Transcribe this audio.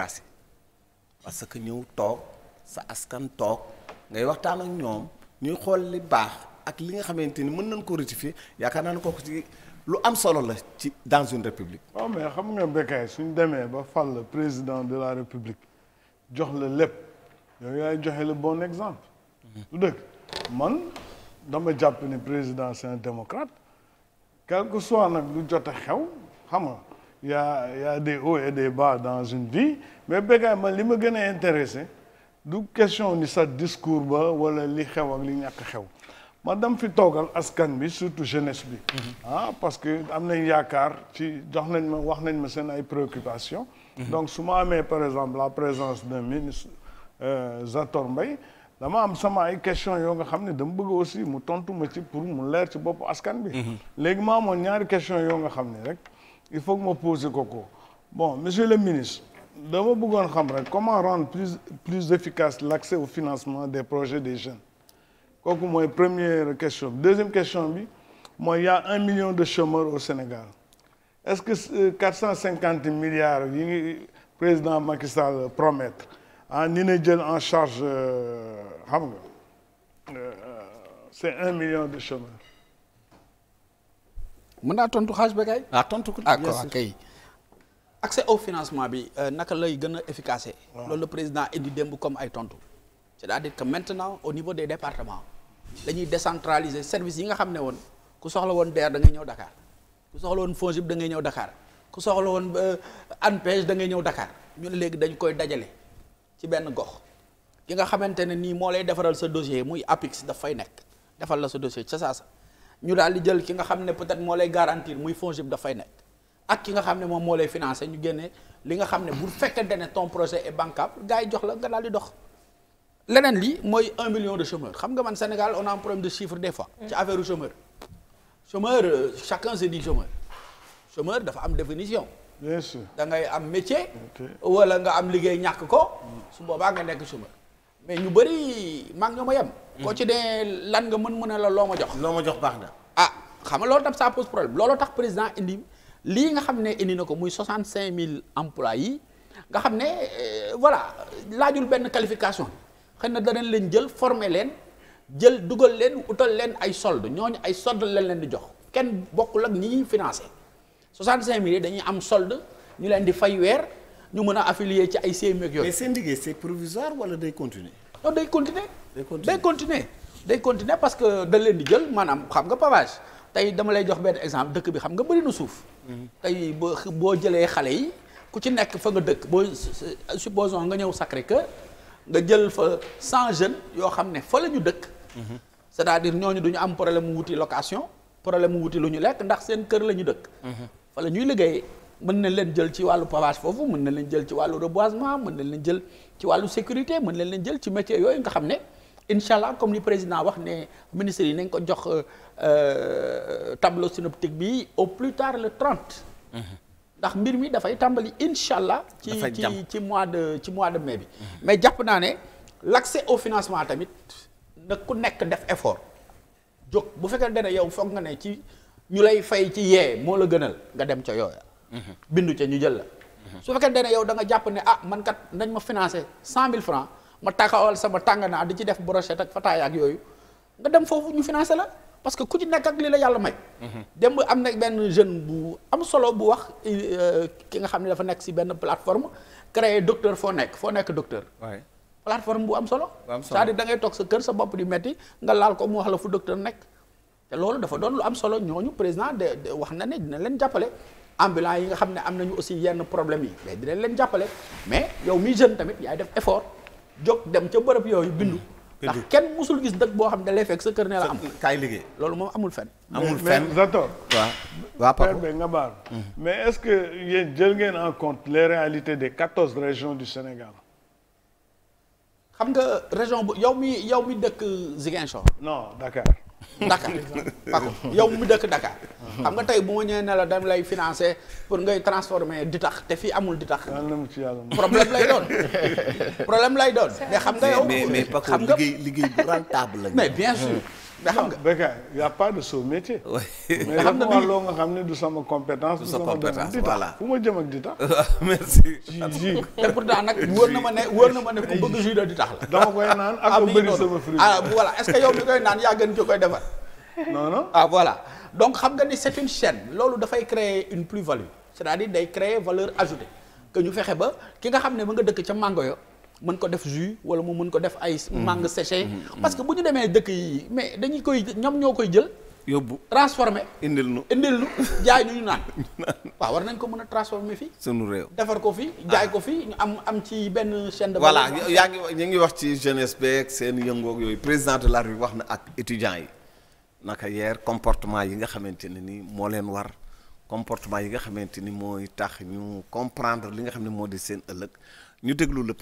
démocratie parce que ñëw toog sa askan toog ngay waxtaan ak ñoom ñuy xool li baax ak li nga xamante ni mën nañ ko rectifier yaakaar naa ne kooku ci lu am solo la ci dans une république. waaw mais xam nga Bécaye suñ demee ba fal président de la république jox la lépp yow yaay joxe le bon exemple. lu mhm. dëgg man dama jàpp ni président c'est un démocrate quel soit nag lu jot xew xam y a y a des hauts des bas dans une vie mais Bécaye ma li ma gën a intéressé du question ni sa discours ba wala li xew ak li ñàkk xew ma dam fi toogal askan bi surtout jeunesse bi mhm. ah parce que am nañ yaakaar ci jox nañ ma wax nañ ma seen ay préoccupations mhm. donc su ma amee par exemple la présence d'un ministre euh, Zator mbay dama am sama ay question yoo nga xam ne dama bëgg aussi mu tontu ma ci pour mu leer ci bopp askan bi mhm. léegi ma amoon ñaari question yoo nga xam ni rek il faut que ma poser ko ko bon monsieur le ministre dama bëggoon xam rek comment plus plus efficace l'accès au financement des projets des jeunes kooku mooy première question deuxième question bi mooy y a un million de chômeurs au Sénégal est-ce que euh, quatre cent cinquante milliards yi ngi président Macky Sall promettre ah jël en charge euh, xam nga euh, c'est un million de chômeurs mën naa tontu xaaj ba kay. Ah, tontu ko ah, ah kay. accès au financement bi euh, naka lay gën a efficace. Ah. loolu le président indi démb comme ay tontu. cest à maintenant au niveau des départements dañuy décentraliser service yi nga xam ne woon ku soxla woon DER da ngay ñëw Dakar ku soxla woon FONGIP da ngay ñëw dakaar ku soxla woon euh, ANPEJ da ngay ñëw dakaar ñu ne léegi dañ koy dajale ci benn gox ki nga xamante ne nii moo lay defaral sa dossier muy APIX daf fay nekk defal la sa dossier ca saasa ñu daal di jël ki nga xam ne peut-être moo lay garantir muy FONGIP dafay nekk ak ki nga xam ne moom moo lay financé ñu génne li nga xam ne bu fekkente ne ton projet est bancable gars yi jox la nga daal di dox. leneen li mooy un million de chômeurs xam nga man Sénégal on a un problème de chiffre des fois. Mm. ci affaire chômeur. chômeur chacun se dit chômeur chômeur dafa am définition. bien sûr da ngay am métier. wala nga am liggéey ñàkk ko. Mm. su boobaa nga nekk chômeur mais ñu bëri mag ñoo ma yem. koo mhm. ci dee lan nga mën mën a la loo ma jox. loo ma jox baax na. ah xam nga loolu tam ça pose problème looloo tax président indi lii nga xam ne indi na ko muy cinq mille emplois yi nga xam ne euh, voilà laajul benn qualification xëy na danañ leen jël former leen jël dugal leen utal leen ay solde ñooñu ay solde lañ leen di jox kenn bokk ak ñi ñuy financé 65000 yi dañuy am solde ñu leen di fay weer ñu mën a affilier ci ay CME yooyu. mais seen liggéey c'est wala day continuer. non day continuer day continuer day continuer parce que dañ leen di jël maanaam xam nga pavage tey dama lay jox benn exemple dëkk bi xam nga bëri na suuf mhm. tey boo boo jëlee xale yi ku ci nekk fa nga dëkk boo supposons nga ñëw Sacré-Cœur nga jël fa cent jeunes yoo xam ne fa la ñu dëkk mhm. c'est-à-dire ñooñu duñu am problème mu wuti location problème mu wuti lu ñu lekk ndax seen kër la ñu dëkk mhm. fa la ñuy liggéeyee mën na leen jël ci wàllu pavage foofu mën na leen jël ci wàllu reboisement mën na leen jël ci wàllu sécurité mën na leen jël ci métier yooyu nga xam ne incha allah comme li président wax ne ministre yi nañ ko jox euh, euh, tableau synoptique bi au plus tard le 30. ndax mbir mi dafay tàmbali incha allah. ci ci ci mois de ci mois de mai bi. mais jàpp naa ne l' au financement tamit ndax ku nekk def effort. jóg bu fekkee ne yow foog nga ne ci ñu lay fay ci yee moo la gënal nga dem ca yooya. bindu ca ñu jël la. Mhm. su fekkente ne yow da nga jàpp ne ah man kat nañ ma financé cent mille francs ma taxawal sama tànganaa di ci def brochette ak fataaya ak yooyu nga dem foofu ñu financé la parce que ku ci nekk ak li la yàlla may. Mhm. démb am na benn jeune bu am solo bu wax euh, ki nga xam ne dafa nekk si benn plateforme créé docteur foo nekk foo nekk docteur. plateforme bu am solo. c'est-à-dire da ngay toog sa kër sa bopp di metti nga laal ko mu wax la fu docteur nekk. te loolu dafa doon lu am solo ñooñu président wax na ne dina leen jàppale ambulants yi nga xam ne am nañu aussi yenn problème yi mais dinañ leen jàppale mais yow mi jeune tamit yaay def effort jóg dem ca bërëb yooyu bindu. Mm. ndax kenn mosul gis dëkk boo xam ne da lay sa kër ne am. kaay loolu moom amul fenn. amul fenn mais Zator. waaw waaw nga baal. Mm. mais est-ce que yéen jël ngeen en compte les réalités des quatorze régions du Sénégal. nga région bu yow mi yow mi dëkk Ziguinchor. non Dakar. Dakar Paco yow mu dëkk Dakar. xam nga tey bu ma ñëwee ne la dem lay financer pour ngay transformer di tax te fii amul di tax. problème lay doon problème lay doon. mais xam nga yow. mais mais Paco liggéey liggéey bu rentable la. mais bien sûr. mais xam nga Bécaye y' a pas de sot loo nga xam ne du sama compétence. du sama compétence na ma ne wóor na ma ne ku bëgg jus de di tax la. dama koy naan ak ah, ah, voilà est ah, xam nga ni c' est une loolu dafay créer une plus value c' est à dire day créer valeur ajoutée que ñu fexe ba ki nga xam ne ba nga dëkk ca mango yo mën ko def jus wala mu mën ko def ay mm-hmm. mangue séché mm-hmm. parce que bu ñu demee dëkk yi mais dañuy koy ñoom ñoo koy jël yóbbu transformé indil nu indil nu jaay nu ñu naan waaw war nañ ko mën a transformé fii sunu réew defar ko fii ah. jaay ko fii ñu am am ci benn chaîne de voilà yaa ngi ñu ngi wax ci jeunesse beeg seen yëngoog yooyu président de la République wax na ak étudiants yi naka yeer comportement yi nga xamante ne ni moo leen war comportement yi nga xamante ni mooy tax ñu comprendre li nga xam ne moo di seen ëllëg